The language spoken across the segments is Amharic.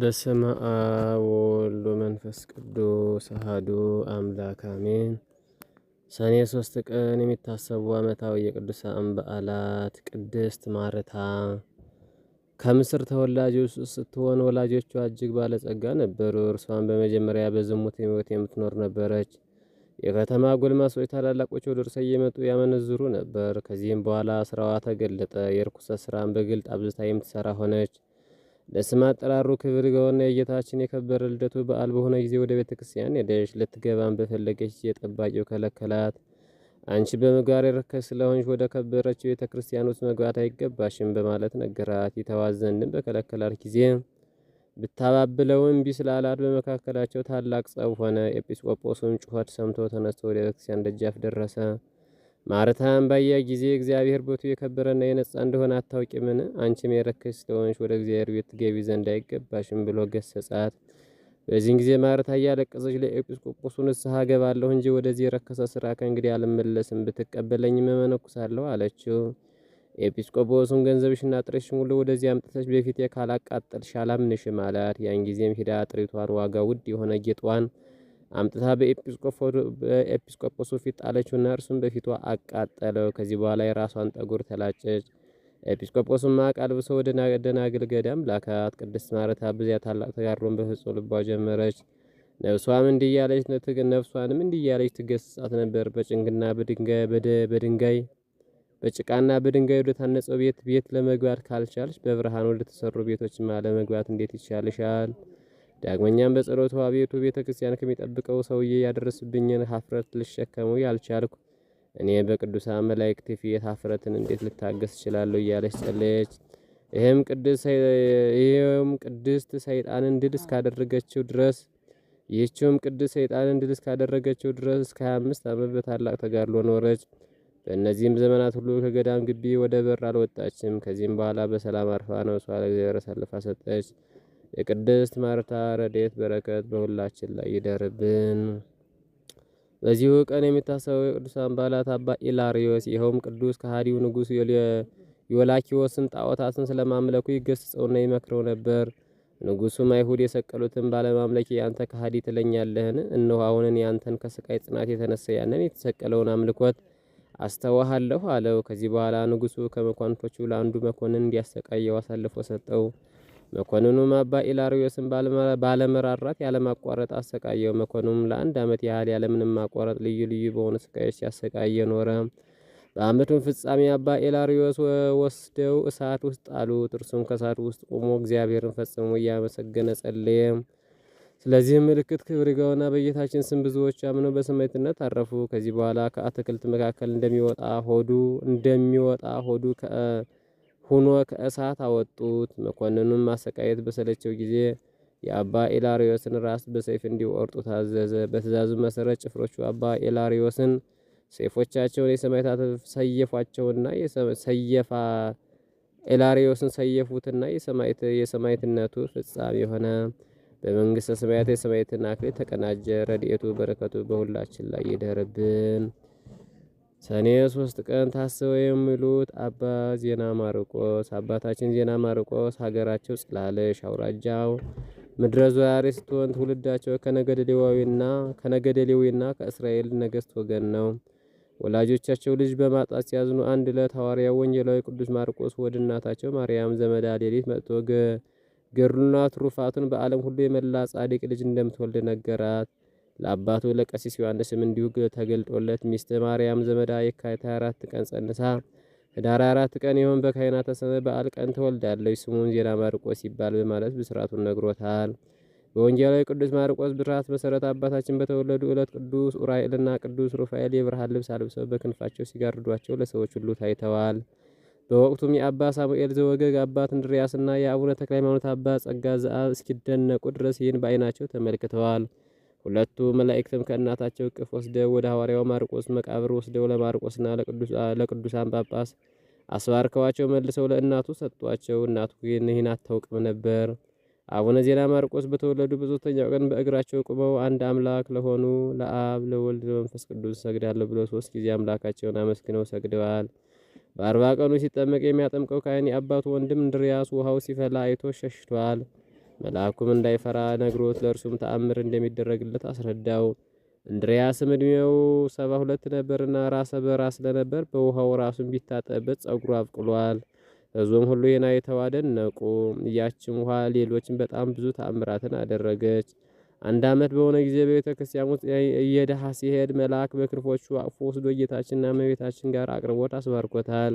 በስመ አብ ወወልድ ወመንፈስ ቅዱስ አሐዱ አምላክ አሜን። ሰኔ ሶስት ቀን የሚታሰቡ ዓመታዊ የቅዱሳን በዓላት ቅድስት ማርታ። ከምስር ተወላጅ ስትሆን ወላጆቿ እጅግ ባለጸጋ ነበሩ። እርሷን በመጀመሪያ በዝሙት ሕይወት የምትኖር ነበረች። የከተማ ጎልማሶች ታላላቆች ወደ እርሷ እየመጡ ያመነዝሩ ነበር። ከዚህም በኋላ ስራዋ ተገለጠ። የርኩሰት ስራን በግልጥ አብዝታ የምትሰራ ሆነች። ለስም አጠራሩ ክብር የሆነ የጌታችን የከበረ ልደቱ በዓል በሆነ ጊዜ ወደ ቤተ ክርስቲያን ሄደች። ልትገባም በፈለገች ጊዜ ጠባቂው ከለከላት። አንቺ በምግባር የረከስ ስለሆንሽ ወደ ከበረችው ቤተ ክርስቲያን ውስጥ መግባት አይገባሽም በማለት ነገራት። የተዋዘንን ዘንድም በከለከላት ጊዜ ብታባብለውን እምቢ ስላላት በመካከላቸው ታላቅ ጸብ ሆነ። ኤጲስቆጶስም ጩኸት ሰምቶ ተነስቶ ወደ ቤተክርስቲያን ደጃፍ ደረሰ። ማርታም ባያ ጊዜ እግዚአብሔር ቦቱ የከበረና የነጻ እንደሆነ አታውቂምን? አንቺም የረከሽ ስለሆንሽ ወደ እግዚአብሔር ቤት ገቢ ዘንድ አይገባሽም ብሎ ገሰጻት። በዚህን ጊዜ ማርታ እያለቀሰች ለኤጲስቆጶሱ ንስሐ ገባለሁ እንጂ ወደዚህ የረከሰ ስራ ከእንግዲህ አልመለስም፣ ብትቀበለኝ መመነኩሳለሁ አለችው። ኤጲስቆጶሱን ገንዘብሽና ጥሬሽ ሙሉ ወደዚህ አምጥተሽ በፊቴ ካላቃጠልሽ አላምንሽም አላት። ያን ጊዜም ሂዳ ጥሪቷን ዋጋ ውድ የሆነ ጌጧን አምጥታ በኤጲስቆጶሱ ፊት ጣለችውና እርሱም በፊቷ አቃጠለው። ከዚህ በኋላ የራሷን ጠጉር ተላጨች። ኤጲስቆጶስም ማቅ አልብሶ ወደ ደናግል ገዳም ላካት። ቅድስት ማረታ በዚያ ታላቅ ተጋድሎን በፍጹም ልቧ ጀመረች። ነፍሷም እንዲያለች ያለች ነፍሷንም ትገስጻት ነበር። በጭንግና በድንጋይ በጭቃና በድንጋይ ወደ ታነጸው ቤት ቤት ለመግባት ካልቻለች በብርሃን ወደ ተሰሩ ቤቶችማ ለመግባት እንዴት ይቻልሻል? ዳግመኛም በጸሎቱ አቤቱ ቤተ ክርስቲያን ከሚጠብቀው ሰውዬ ያደረስብኝን ሀፍረት ልሸከሙ ያልቻልኩ እኔ በቅዱሳን መላእክት ፊት ሀፍረትን እንዴት ልታገስ እችላለሁ? እያለች ጸለየች። ይህም ቅድስት ሰይጣንን ድል እስካደረገችው ድረስ ይህችውም ቅድስት ሰይጣንን ድል እስካደረገችው ድረስ እስከ 25 ዓመት በታላቅ ተጋድሎ ኖረች። በእነዚህም ዘመናት ሁሉ ከገዳም ግቢ ወደ በር አልወጣችም። ከዚህም በኋላ በሰላም አርፋ ነፍሷን ለእግዚአብሔር አሳልፋ ሰጠች። የቅድስት ማርታ ረድኤት በረከት በሁላችን ላይ ይደርብን። በዚሁ ቀን የሚታሰበው የቅዱሳን በዓላት አባ ኢላሪዮስ፣ ይኸውም ቅዱስ ከሃዲው ንጉሥ ዮላኪዎስን ጣዖታትን ስለማምለኩ ይገስጸውና ይመክረው ነበር። ንጉሱም አይሁድ የሰቀሉትን ባለማምለኪ ያንተ ከሃዲ ትለኛለህን? እነሆ አሁንን ያንተን ከስቃይ ጽናት የተነሳ ያንን የተሰቀለውን አምልኮት አስተዋሃለሁ አለው። ከዚህ በኋላ ንጉሱ ከመኳንቶቹ ለአንዱ መኮንን እንዲያሰቃየው አሳልፎ ሰጠው። መኮንኑም አባ ኢላሪዮስን ባለመራራት ያለማቋረጥ አሰቃየው። መኮንኑም ለአንድ ዓመት ያህል ያለምንም ማቋረጥ ልዩ ልዩ በሆኑ ስቃዮች ሲያሰቃየ ኖረ። በዓመቱም ፍጻሜ አባ ኢላሪዮስ ወስደው እሳት ውስጥ ጣሉት። እርሱም ከእሳት ውስጥ ቆሞ እግዚአብሔርን ፈጽሞ እያመሰገነ ጸለየ። ስለዚህም ምልክት ክብር ይግባውና በጌታችን ስም ብዙዎች አምነው በሰማዕትነት አረፉ። ከዚህ በኋላ ከአትክልት መካከል እንደሚወጣ ሆዱ እንደሚወጣ ሆዱ ሆኖ ከእሳት አወጡት። መኮንኑም ማሰቃየት በሰለቸው ጊዜ የአባ ኢላሪዮስን ራስ በሰይፍ እንዲወርጡ ታዘዘ። በትእዛዙ መሰረት ጭፍሮቹ አባ ኢላሪዮስን ሰይፎቻቸውን የሰማዕታት ሰየፏቸውና ሰየፋ ኤላሪዮስን ሰየፉትና የሰማዕትነቱ ፍጻሜ የሆነ በመንግሥተ ሰማያት የሰማዕትነትን አክሊል ተቀናጀ። ረድኤቱ በረከቱ በሁላችን ላይ ይደርብን። ሰኔ ሶስት ቀን ታስበው የሚሉት አባ ዜና ማርቆስ አባታችን ዜና ማርቆስ ሀገራቸው ጽላለሽ አውራጃው ምድረ ዙያሬ ስትሆን ትውልዳቸው ከነገደሌዋዊና ከነገደሌዊና ከእስራኤል ነገስት ወገን ነው። ወላጆቻቸው ልጅ በማጣት ሲያዝኑ አንድ ዕለት ሐዋርያው ወንጌላዊ ቅዱስ ማርቆስ ወደ እናታቸው ማርያም ዘመዳ ሌሊት መጥቶ ገድሉና ትሩፋቱን በዓለም ሁሉ የመላ ጻድቅ ልጅ እንደምትወልድ ነገራት። ለአባቱ ለቀሲስ ዮሐንስም እንዲሁ ተገልጦለት ሚስት ማርያም ዘመዳ የካቲት 24 ቀን ጸንሳ ህዳር 24 ቀን ይሆን በካህናተ ሰማይ በዓል ቀን ትወልዳለች ስሙን ዜና ማርቆስ ይባል በማለት ብስራቱን ነግሮታል። በወንጌላዊ ቅዱስ ማርቆስ ብስራት መሰረት አባታችን በተወለዱ ዕለት ቅዱስ ኡራኤልና ቅዱስ ሩፋኤል የብርሃን ልብስ አልብሰው በክንፋቸው ሲጋርዷቸው ለሰዎች ሁሉ ታይተዋል። በወቅቱም የአባ ሳሙኤል ዘወገግ አባት እንድሪያስና የአቡነ ተክለ ሃይማኖት አባ ጸጋ ዘአብ እስኪደነቁ ድረስ ይህን በዓይናቸው ተመልክተዋል። ሁለቱ መላእክትም ከእናታቸው እቅፍ ወስደው ወደ ሐዋርያው ማርቆስ መቃብር ወስደው ለማርቆስና ለቅዱሳን ጳጳስ አስባርከዋቸው መልሰው ለእናቱ ሰጥቷቸው። እናቱ ግን ይህን አታውቅም ነበር። አቡነ ዜና ማርቆስ በተወለዱ በሶስተኛው ቀን በእግራቸው ቆመው አንድ አምላክ ለሆኑ ለአብ ለወልድ ለመንፈስ ቅዱስ ሰግዳለሁ ብለው ሶስት ጊዜ አምላካቸውን አመስግነው ሰግደዋል። በአርባ ቀኑ ሲጠመቅ የሚያጠምቀው ካህን የአባቱ ወንድም እንድርያስ ውሃው ሲፈላ አይቶ ሸሽቷል። መልአኩም እንዳይፈራ ነግሮት ለእርሱም ተአምር እንደሚደረግለት አስረዳው። እንድሪያስም እድሜው ሰባ ሁለት ነበርና ራሰ በራ ስለነበር በውሃው ራሱን ቢታጠበት ጸጉሩ አብቅሏል። ሕዝቡም ሁሉ ይህን አይተው አደነቁ። እያችም ውሃ ሌሎችን በጣም ብዙ ተአምራትን አደረገች። አንድ ዓመት በሆነ ጊዜ በቤተ ክርስቲያን ውስጥ እየደሃ ሲሄድ መልአክ በክንፎቹ አቅፎ ወስዶ ጌታችንና መቤታችን ጋር አቅርቦት አስባርኮታል።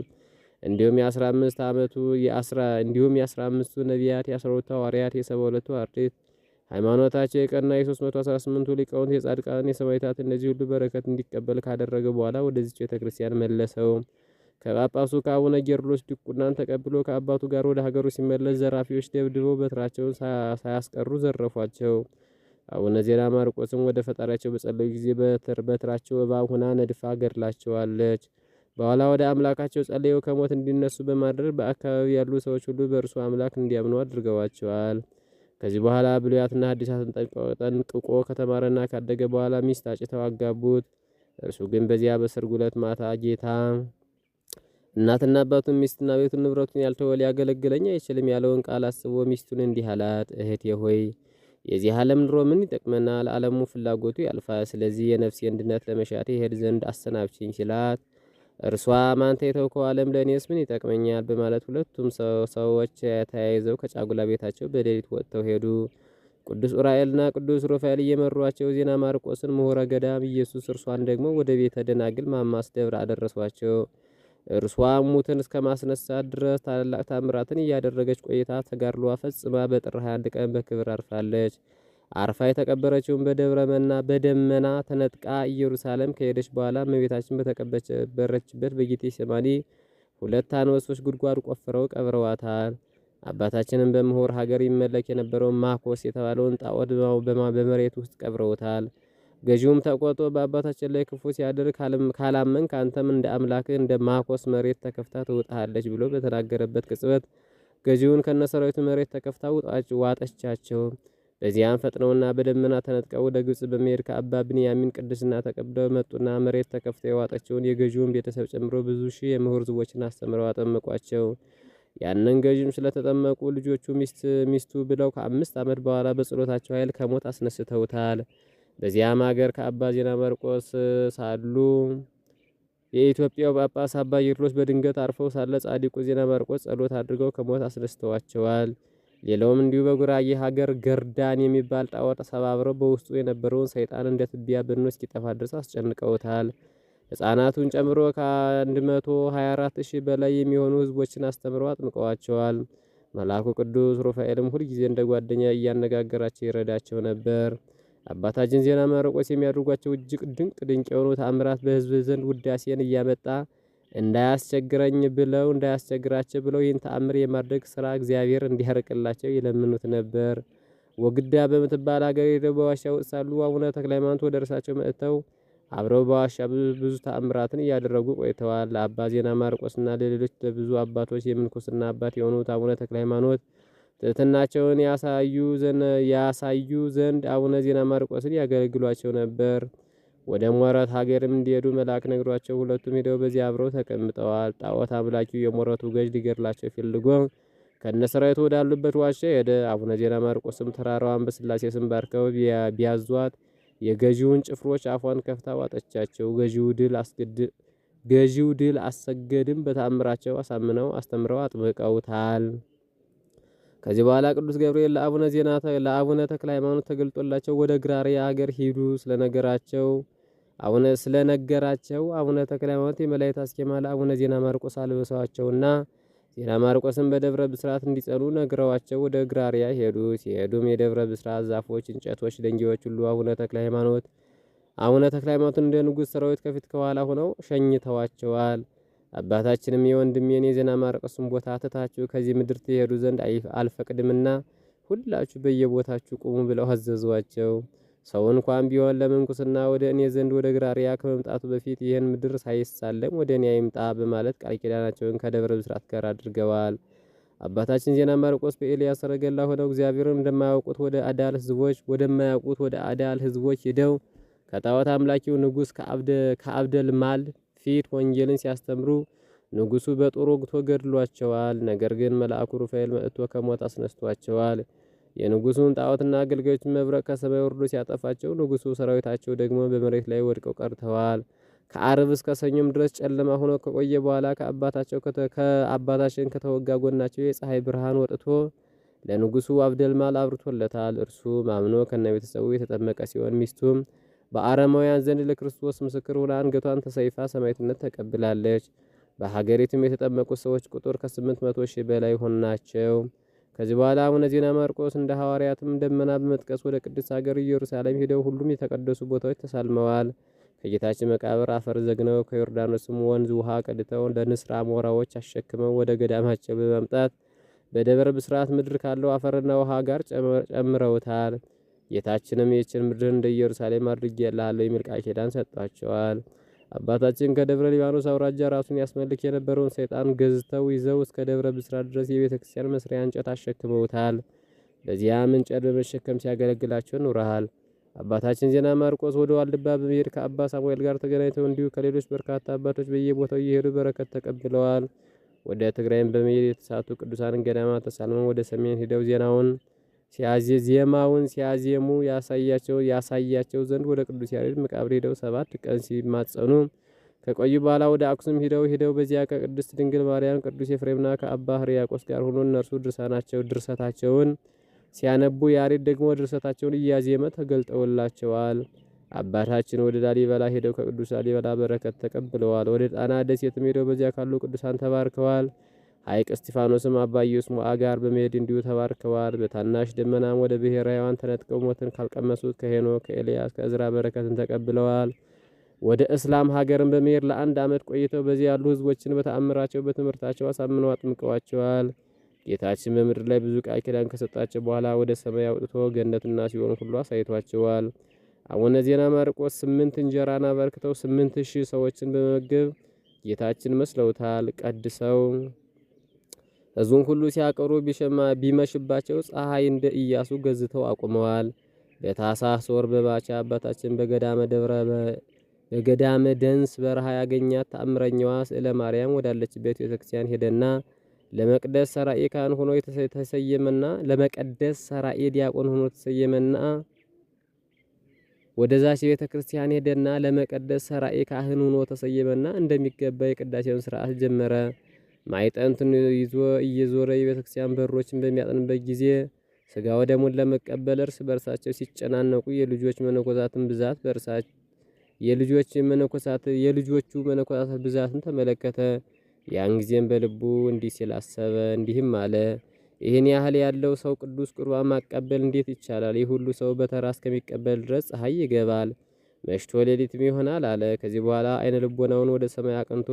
እንዲሁም የአስራ አምስት ዓመቱ የአስራ እንዲሁም የአስራ አምስቱ ነቢያት የአስራ ሁለቱ ሐዋርያት የሰባ ሁለቱ አርድእት ሃይማኖታቸው የቀና የሶስት መቶ አስራ ስምንቱ ሊቃውንት የጻድቃን የሰማዕታት እነዚህ ሁሉ በረከት እንዲቀበል ካደረገ በኋላ ወደዚች ቤተ ክርስቲያን መለሰው። ከጳጳሱ ከአቡነ ጌርሎስ ድቁናን ተቀብሎ ከአባቱ ጋር ወደ ሀገሩ ሲመለስ ዘራፊዎች ደብድበው በትራቸውን ሳያስቀሩ ዘረፏቸው። አቡነ ዜና ማርቆስም ወደ ፈጣሪያቸው በጸለዩ ጊዜ በትራቸው እባብ ሁና ነድፋ ገድላቸዋለች። በኋላ ወደ አምላካቸው ጸልየው ከሞት እንዲነሱ በማድረግ በአካባቢ ያሉ ሰዎች ሁሉ በእርሱ አምላክ እንዲያምኑ አድርገዋቸዋል። ከዚህ በኋላ ብሉያትና ሐዲሳትን ጠንቅቆ ከተማረና ካደገ በኋላ ሚስት አጭተው አጋቡት። እርሱ ግን በዚያ በሰርጉ ዕለት ማታ ጌታ እናትና አባቱን ሚስትና ቤቱን ንብረቱን ያልተወ ሊያገለግለኝ አይችልም ያለውን ቃል አስቦ ሚስቱን እንዲህ አላት፣ እህቴ ሆይ የዚህ ዓለም ኑሮ ምን ይጠቅመናል? ዓለሙ ፍላጎቱ ያልፋ። ስለዚህ የነፍሴን ድነት ለመሻት ይሄድ ዘንድ አሰናብችኝ ሲላት እርሷ ማንተ የተውከው ዓለም ለእኔስ ምን ይጠቅመኛል? በማለት ሁለቱም ሰዎች ተያይዘው ከጫጉላ ቤታቸው በሌሊት ወጥተው ሄዱ። ቅዱስ ዑራኤልና ቅዱስ ሩፋኤል እየመሯቸው ዜና ማርቆስን ምሁረ ገዳም፣ ኢየሱስ እርሷን ደግሞ ወደ ቤተ ደናግል ማማስ ደብር አደረሷቸው። እርሷ ሙትን እስከ ማስነሳት ድረስ ታላላቅ ታምራትን እያደረገች ቆይታ ተጋድሏ ፈጽማ በጥር 21 ቀን በክብር አርፋለች። አርፋ የተቀበረችውን በደብረመና በደመና ተነጥቃ ኢየሩሳሌም ከሄደች በኋላ እመቤታችን በተቀበረችበት በጌቴ ሰማኒ ሁለት አንበሶች ጉድጓድ ቆፍረው ቀብረዋታል። አባታችንም በምሁር ሀገር ይመለክ የነበረውን ማኮስ የተባለውን ጣዖት በመሬት ውስጥ ቀብረውታል። ገዢውም ተቆጦ በአባታችን ላይ ክፉ ሲያደርግ ካላመን ከአንተም እንደ አምላክህ እንደ ማኮስ መሬት ተከፍታ ትውጣሃለች ብሎ በተናገረበት ቅጽበት ገዢውን ከነሰራዊቱ መሬት ተከፍታ ዋጠቻቸው። በዚያም ፈጥነውና በደመና ተነጥቀው ወደ ግብጽ በመሄድ ከአባ ብንያሚን ቅድስና ተቀብለው መጡና መሬት ተከፍተው የዋጠችውን የገዢውን ቤተሰብ ጨምሮ ብዙ ሺህ የምሁር ዝቦችን አስተምረው አጠመቋቸው። ያንን ገዥም ስለተጠመቁ ልጆቹ ሚስት ሚስቱ ብለው ከአምስት ዓመት በኋላ በጸሎታቸው ኃይል ከሞት አስነስተውታል። በዚያም አገር ከአባ ዜና ማርቆስ ሳሉ የኢትዮጵያው ጳጳስ አባ ይርሎስ በድንገት አርፈው ሳለ ጻዲቁ ዜና ማርቆስ ጸሎት አድርገው ከሞት አስነስተዋቸዋል። ሌላውም እንዲሁ በጉራጌ ሀገር ገርዳን የሚባል ጣዖት ሰባብረው በውስጡ የነበረውን ሰይጣን እንደ ትቢያ በኖ እስኪጠፋ ድረስ አስጨንቀውታል። ሕፃናቱን ጨምሮ ከ124 ሺህ በላይ የሚሆኑ ህዝቦችን አስተምረው አጥምቀዋቸዋል። መልአኩ ቅዱስ ሩፋኤልም ሁልጊዜ እንደ ጓደኛ እያነጋገራቸው ይረዳቸው ነበር። አባታችን ዜና ማርቆስ የሚያደርጓቸው እጅግ ድንቅ ድንቅ የሆኑ ተአምራት በህዝብ ዘንድ ውዳሴን እያመጣ እንዳያስቸግረኝ ብለው እንዳያስቸግራቸው ብለው ይህን ተአምር የማድረግ ስራ እግዚአብሔር እንዲያርቅላቸው የለምኑት ነበር። ወግዳ በምትባል ሀገር ሄደው በዋሻ ውስጥ ሳሉ አቡነ ተክለ ሃይማኖት ወደ እርሳቸው መጥተው አብረው በዋሻ ብዙ ተአምራትን እያደረጉ ቆይተዋል። ለአባ ዜና ማርቆስና ለሌሎች ለብዙ አባቶች የምንኩስና አባት የሆኑት አቡነ ተክለ ሃይማኖት ያሳዩ ዘንድ አቡነ ዜና ማርቆስን ያገለግሏቸው ነበር። ወደ ሞረት ሀገርም እንዲሄዱ መልአክ ነግሯቸው ሁለቱም ሄደው በዚያ አብረው ተቀምጠዋል። ጣዖት አምላኪው የሞረቱ ገዥ ሊገድላቸው ፈልጎ ከነሰራዊቱ ወዳሉበት ዋሻ ሄደ። አቡነ ዜና ማርቆስም ተራራዋን በስላሴ ስም ባርከው ቢያዟት የገዢውን ጭፍሮች አፏን ከፍታ ዋጠቻቸው። ገዢው ድል አስገድ ገዢው ድል አሰገድም በታምራቸው አሳምነው አስተምረው አጥምቀውታል። ከዚህ በኋላ ቅዱስ ገብርኤል ለአቡነ ዜና ለአቡነ ተክለ ሃይማኖት ተገልጦላቸው ወደ ግራሪያ ሀገር ሂዱ ስለነገራቸው አቡነ ስለነገራቸው አቡነ ተክለ ሃይማኖት የመላእክት አስኬማ ለአቡነ ዜና ማርቆስ አልብሰዋቸውና ዜና ማርቆስን በደብረ ብስራት እንዲጸሉ ነግረዋቸው ወደ ግራሪያ ሄዱ። ሲሄዱም የደብረ ብስራት ዛፎች፣ እንጨቶች፣ ደንጊዎች ሁሉ አቡነ ተክለ ሃይማኖት አቡነ ተክለ ሃይማኖትን እንደ ንጉሥ ሰራዊት ከፊት ከኋላ ሆነው ሸኝተዋቸዋል። አባታችንም የወንድሜን የዜና ማርቆስን ቦታ ትታችሁ ከዚህ ምድር ትሄዱ ዘንድ አልፈቅድምና ሁላችሁ በየቦታችሁ ቁሙ ብለው አዘዟቸው። ሰው እንኳን ቢሆን ለምንኩስና ወደ እኔ ዘንድ ወደ ግራሪያ ከመምጣቱ በፊት ይህን ምድር ሳይሳለም ወደ እኔ አይምጣ በማለት ቃል ኪዳናቸውን ከደብረ ብስራት ጋር አድርገዋል። አባታችን ዜና ማርቆስ በኤልያስ ሰረገላ ሆነው እግዚአብሔርን እንደማያውቁት ወደ አዳል ህዝቦች ወደማያውቁት ወደ አዳል ህዝቦች ሄደው ከጣዖት አምላኪው ንጉስ ከአብደል ማል ፊት ወንጌልን ሲያስተምሩ ንጉሱ በጦር ወግቶ ገድሏቸዋል። ነገር ግን መልአኩ ሩፋኤል መጥቶ ከሞት አስነስቷቸዋል። የንጉሱን ጣዖትና አገልጋዮችን መብረቅ ከሰማይ ወርዶ ሲያጠፋቸው ንጉሱ ሰራዊታቸው ደግሞ በመሬት ላይ ወድቀው ቀርተዋል። ከአርብ እስከ ሰኞም ድረስ ጨለማ ሆኖ ከቆየ በኋላ ከአባታቸው ከአባታችን ከተወጋ ጎናቸው የፀሐይ ብርሃን ወጥቶ ለንጉሱ አብደልማል አብርቶለታል። እርሱ አምኖ ከነ ቤተሰቡ የተጠመቀ ሲሆን ሚስቱም በአረማውያን ዘንድ ለክርስቶስ ምስክር ሆና አንገቷን ተሰይፋ ሰማዕትነት ተቀብላለች። በሀገሪቱም የተጠመቁ ሰዎች ቁጥር ከስምንት መቶ ሺህ በላይ ሆናቸው። ከዚህ በኋላ አቡነ ዜና ማርቆስ እንደ ሐዋርያትም ደመና በመጥቀስ ወደ ቅድስት ሀገር ኢየሩሳሌም ሄደው ሁሉም የተቀደሱ ቦታዎች ተሳልመዋል። ከጌታችን መቃብር አፈር ዘግነው ከዮርዳኖስም ወንዝ ውሃ ቀድተው ለንስራ ሞራዎች አሸክመው ወደ ገዳማቸው በማምጣት በደብረ ብስራት ምድር ካለው አፈርና ውሃ ጋር ጨምረውታል። ጌታችንም ይህችን ምድር እንደ ኢየሩሳሌም አድርጌ ያልሃለሁ የሚል ቃል ኪዳን ሰጥቷቸዋል። አባታችን ከደብረ ሊባኖስ አውራጃ ራሱን ያስመልክ የነበረውን ሰይጣን ገዝተው ይዘው እስከ ደብረ ብስራ ድረስ የቤተ ክርስቲያን መስሪያ እንጨት አሸክመውታል። በዚያም እንጨት በመሸከም ሲያገለግላቸው ኑረሃል። አባታችን ዜና ማርቆስ ወደ ዋልድባ በመሄድ ከአባ ሳሙኤል ጋር ተገናኝተው እንዲሁ ከሌሎች በርካታ አባቶች በየቦታው እየሄዱ በረከት ተቀብለዋል። ወደ ትግራይም በመሄድ የተሳቱ ቅዱሳንን ገዳማ ተሳልመው ወደ ሰሜን ሂደው ዜናውን ዜማውን ሲያዜሙ ያሳያቸው ያሳያቸው ዘንድ ወደ ቅዱስ ያሬድ መቃብር ሄደው ሰባት ቀን ሲማጸኑ ከቆዩ በኋላ ወደ አክሱም ሂደው ሂደው በዚያ ከቅድስት ድንግል ማርያም ቅዱስ ኤፍሬምና ከአባ ሕርያቆስ ጋር ሆኖ እነርሱ ድርሳናቸው ድርሰታቸውን ሲያነቡ ያሬድ ደግሞ ድርሰታቸውን እያዜመ ተገልጠውላቸዋል። አባታችን ወደ ላሊበላ ሄደው ከቅዱስ ላሊበላ በረከት ተቀብለዋል። ወደ ጣና ደሴትም ሄደው በዚያ ካሉ ቅዱሳን ተባርከዋል። ሐይቅ እስጢፋኖስም አባ ኢዩስ ጋር በመሄድ እንዲሁ ተባርከዋል። በታናሽ ደመናም ወደ ብሔረ ሕያዋን ተነጥቀው ሞትን ካልቀመሱት ከሄኖ፣ ከኤልያስ ከእዝራ በረከትን ተቀብለዋል። ወደ እስላም ሀገርን በመሄድ ለአንድ ዓመት ቆይተው በዚህ ያሉ ህዝቦችን በተአምራቸው በትምህርታቸው አሳምነው አጥምቀዋቸዋል። ጌታችን በምድር ላይ ብዙ ቃል ኪዳን ከሰጣቸው በኋላ ወደ ሰማይ አውጥቶ ገነትና ሲሆን ሁሉ አሳይቷቸዋል። አቡነ ዜና ማርቆስ ስምንት እንጀራን አበርክተው ስምንት ሺህ ሰዎችን በመመገብ ጌታችን መስለውታል ቀድሰው ሕዝቡን ሁሉ ሲያቀሩ ቢመሽባቸው ፀሐይ እንደ ኢያሱ ገዝተው አቁመዋል። በታሳ ወር በባቻ አባታችን በገዳመ ደብረ በገዳመ ደንስ በረሃ ያገኛት ተአምረኛዋ ስዕለ ማርያም ወዳለችበት ቤተክርስቲያን ሄደና ለመቅደስ ሰራኤ ካህን ሆኖ የተሰየመና ለመቀደስ ሰራኤ ዲያቆን ሆኖ ተሰየመና ወደዛች ቤተ ክርስቲያን ሄደና ለመቀደስ ሰራኤ ካህን ሆኖ ተሰየመና እንደሚገባ የቅዳሴውን ስርዓት ጀመረ። ማዕጠንትን ይዞ እየዞረ የቤተክርስቲያን በሮችን በሚያጥንበት ጊዜ ስጋ ወደሙን ለመቀበል እርስ በርሳቸው ሲጨናነቁ የልጆች መነኮሳትን ብዛት የልጆች መነኮሳት የልጆቹ መነኮሳት ብዛትን ተመለከተ። ያን ጊዜም በልቡ እንዲህ ሲል አሰበ፣ እንዲህም አለ። ይህን ያህል ያለው ሰው ቅዱስ ቁርባን ማቀበል እንዴት ይቻላል? ይህ ሁሉ ሰው በተራ እስከሚቀበል ድረስ ፀሐይ ይገባል፣ መሽቶ ሌሊትም ይሆናል አለ። ከዚህ በኋላ አይነ ልቦናውን ወደ ሰማይ አቅንቶ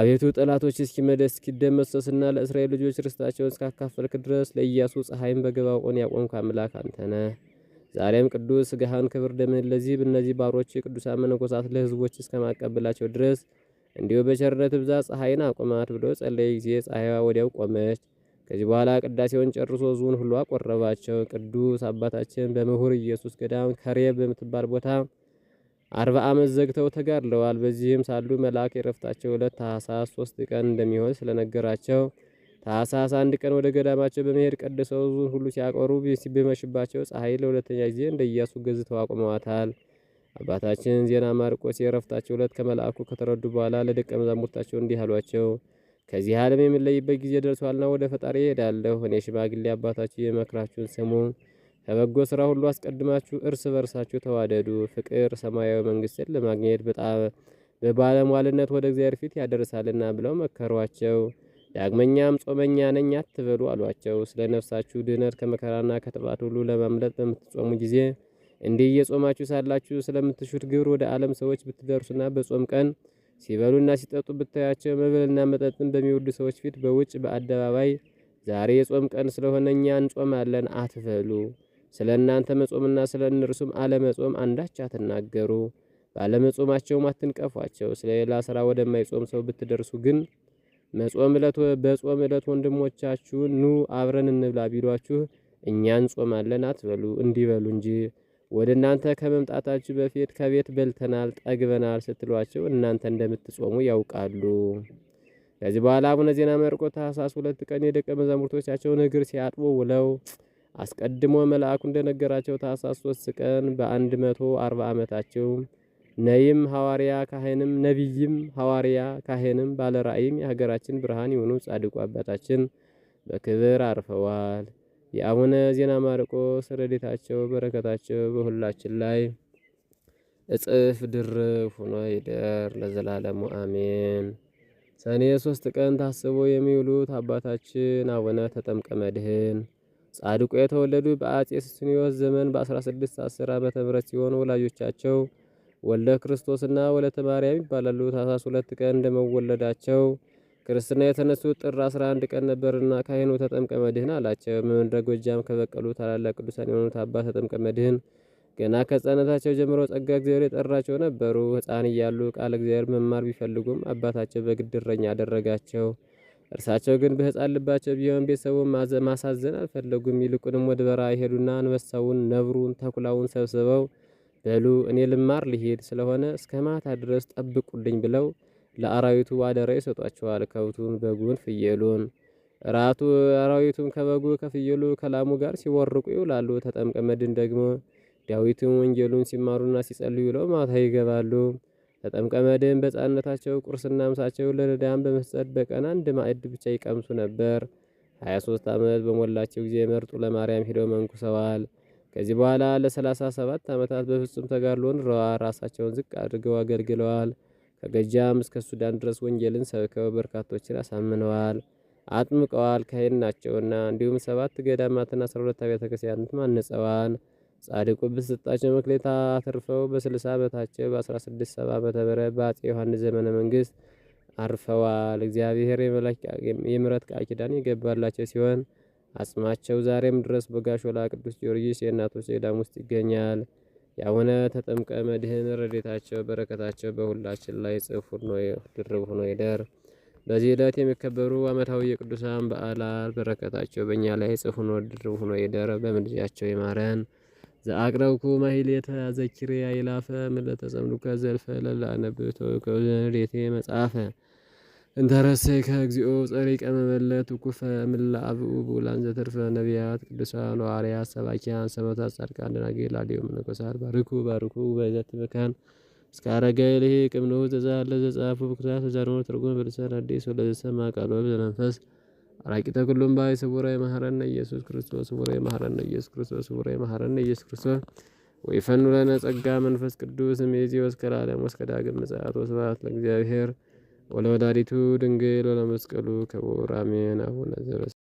አቤቱ ጠላቶች እስኪመደስ እስኪደመሰስና ለእስራኤል ልጆች ርስታቸውን እስካካፈልክ ድረስ ለኢያሱ ፀሐይን በገባኦን ያቆምክ አምላክ አንተነ ዛሬም ቅዱስ ስጋህን ክብር ደምህን ለዚህ እነዚህ ባሮች ቅዱሳን መነኮሳት ለህዝቦች እስከማቀብላቸው ድረስ እንዲሁ በቸርነት ብዛት ፀሐይን አቁማት ብሎ ጸለየ ጊዜ ፀሐይዋ ወዲያው ቆመች። ከዚህ በኋላ ቅዳሴውን ጨርሶ ዙን ሁሉ አቆረባቸው። ቅዱስ አባታችን በምሁር ኢየሱስ ገዳም ከሬብ በምትባል ቦታ አርባ ዓመት ዘግተው ተጋድለዋል። በዚህም ሳሉ መልአክ የረፍታቸው ዕለት ታኅሳስ ሶስት ቀን እንደሚሆን ስለነገራቸው ታኅሳስ አንድ ቀን ወደ ገዳማቸው በመሄድ ቀድሰው ሁሉ ሲያቆሩ ቢመሽባቸው ፀሐይ ለሁለተኛ ጊዜ እንደ ኢያሱ ገዝተው አቁመዋታል። አባታችን ዜና ማርቆስ የረፍታቸው ዕለት ከመልአኩ ከተረዱ በኋላ ለደቀ መዛሙርታቸው እንዲህ አሏቸው። ከዚህ ዓለም የምንለይበት ጊዜ ደርሷልና ወደ ፈጣሪ እሄዳለሁ። እኔ ሽማግሌ አባታችሁ የመክራችሁን ስሙ። ከበጎ ስራ ሁሉ አስቀድማችሁ እርስ በርሳችሁ ተዋደዱ። ፍቅር ሰማያዊ መንግስትን ለማግኘት በባለሟልነት ወደ እግዚአብሔር ፊት ያደርሳልና ብለው መከሯቸው። ዳግመኛም ጾመኛ ነኝ አትበሉ አሏቸው። ስለ ነፍሳችሁ ድህነት ከመከራና ከጥፋት ሁሉ ለማምለጥ በምትጾሙ ጊዜ እንዲህ እየጾማችሁ ሳላችሁ ስለምትሹት ግብር ወደ ዓለም ሰዎች ብትደርሱና በጾም ቀን ሲበሉና ሲጠጡ ብታያቸው መብልና መጠጥን በሚወዱ ሰዎች ፊት በውጭ በአደባባይ ዛሬ የጾም ቀን ስለሆነ እኛ እንጾማለን አትበሉ። ስለ እናንተ መጾምና ስለ እነርሱም አለመጾም አንዳች አትናገሩ፣ ባለመጾማቸውም አትንቀፏቸው። ስለ ሌላ ስራ ወደማይጾም ሰው ብትደርሱ ግን መጾም ዕለት በጾም ዕለት ወንድሞቻችሁን ኑ አብረን እንብላ ቢሏችሁ እኛ እንጾማለን አትበሉ፣ እንዲበሉ እንጂ ወደ እናንተ ከመምጣታችሁ በፊት ከቤት በልተናል፣ ጠግበናል ስትሏቸው እናንተ እንደምትጾሙ ያውቃሉ። ከዚህ በኋላ አቡነ ዜና መርቆ ታኅሳስ ሁለት ቀን የደቀ መዛሙርቶቻቸውን እግር ሲያጥቡ ውለው አስቀድሞ መልአኩ እንደነገራቸው ታኅሳስ ሶስት ቀን በአንድ መቶ አርባ ዓመታቸው ነይም ሐዋርያ ካህንም ነቢይም ሐዋርያ ካህንም ባለ ራእይም የሀገራችን ብርሃን የሆኑ ጻድቁ አባታችን በክብር አርፈዋል። የአቡነ ዜና ማርቆስ ረድኤታቸው በረከታቸው በሁላችን ላይ እጽፍ ድርብ ሆኖ ይደር ለዘላለሙ አሜን። ሰኔ ሶስት ቀን ታስቦ የሚውሉት አባታችን አቡነ ተጠምቀ መድኅን ጻድቁ የተወለዱ በአጼ ሱስንዮስ ዘመን በ1610 ዓመተ ምህረት ሲሆን ወላጆቻቸው ወልደ ክርስቶስና ወለተ ማርያም ይባላሉ። ታኅሳስ ሁለት ቀን እንደመወለዳቸው ክርስትና የተነሱት ጥር 11 ቀን ነበርና ካህኑ ተጠምቀ መድህን አላቸው። በምድረ ጎጃም ከበቀሉ ታላላቅ ቅዱሳን የሆኑት አባት ተጠምቀ መድህን ገና ከሕፃንነታቸው ጀምሮ ጸጋ እግዚአብሔር የጠራቸው ነበሩ። ሕፃን እያሉ ቃለ እግዚአብሔር መማር ቢፈልጉም አባታቸው በግድ እረኛ አደረጋቸው። እርሳቸው ግን በሕፃን ልባቸው ቢሆን ቤተሰቡን ማሳዘን አልፈለጉም። ይልቁንም ወደ በረሃ ይሄዱና አንበሳውን፣ ነብሩን፣ ተኩላውን ሰብስበው በሉ እኔ ልማር ልሄድ ስለሆነ እስከ ማታ ድረስ ጠብቁልኝ ብለው ለአራዊቱ አደራ ይሰጧቸዋል። ከብቱን፣ በጉን፣ ፍየሉን ራቱ አራዊቱም ከበጉ ከፍየሉ ከላሙ ጋር ሲወርቁ ይውላሉ። ተጠምቀ መድን ደግሞ ዳዊትም ወንጌሉን ሲማሩና ሲጸልዩ ለው ማታ ይገባሉ። ከጠምቀ መድኅን በሕፃንነታቸው ቁርስና ምሳቸው ለነዳያን በመስጠት በቀን አንድ ማዕድ ብቻ ይቀምሱ ነበር። 23 ዓመት በሞላቸው ጊዜ መርጡ ለማርያም ሄደው መንኩሰዋል። ከዚህ በኋላ ለ37 ዓመታት በፍጹም ተጋድሎ ኖረዋል። ራሳቸውን ዝቅ አድርገው አገልግለዋል። ከገጃም እስከ ሱዳን ድረስ ወንጌልን ሰብከው በርካቶችን አሳምነዋል፣ አጥምቀዋል። ካህን ናቸውና እንዲሁም ሰባት ገዳማትና 12 ቤተክርስቲያንት ማነጸዋል። ጻድቁ በተሰጣቸው መክሌታ አትርፈው በስልሳ ዓመታቸው በ16 ሰባ ዓመተ ምህረት በአፄ ዮሐንስ ዘመነ መንግስት አርፈዋል። እግዚአብሔር የምሕረት ቃል ኪዳን የገባላቸው ሲሆን አጽማቸው ዛሬም ድረስ በጋሾላ ቅዱስ ጊዮርጊስ የእናቶች ገዳም ውስጥ ይገኛል። የአቡነ ተጠምቀ መድህን ረድኤታቸው በረከታቸው በሁላችን ላይ ጽሑፍ ድርብ ሆኖ ይደር። በዚህ ዕለት የሚከበሩ ዓመታዊ የቅዱሳን በዓላት በረከታቸው በእኛ ላይ ጽሑፍ ድርብ ሆኖ ይደር። በምልጃቸው ይማረን። ዘአቅረብኩ ማሕሌተ ዘኪርየ ኢላፈ እምዕለተ ጸምዱከ ዘልፈ ለላነብብ ሬቴ መጽሐፈ እንተረሰይከ ከእግዚኦ ጸሪቀ መበለት እኩፈ እምእለ አብኡ ብኡላን ዘተርፈ ነቢያት ቅዱሳን ሐዋርያት ሰባኪያን ሰማዕታት ጻድቃን ደናግል አልዮ መነኮሳት ባርኩ ባርኩ በዘትብካን እስከ አረጋዊ ልሂቅ ቅምኖ ዘዛለ ዘጻፉ ብኩራት ዘዛንሞ ትርጉም ብልሰን አዲስ ወለዘሰማ ቃሎ ዘመንፈስ አራቂተ ኩሎም ባይ ስቡረ መሐረነ ኢየሱስ ክርስቶስ ስቡረ መሐረነ ኢየሱስ ክርስቶስ ስቡረ መሐረነ ኢየሱስ ክርስቶስ ወይፈኑ ለነ ጸጋ መንፈስ ቅዱስ እምይእዜሰ እስከ ለዓለም ወእስከ ዳግም ምጽአት። ወስብሐት ለእግዚአብሔር ወለወላዲቱ ድንግል ወለመስቀሉ ክቡር አሜን። አቡነ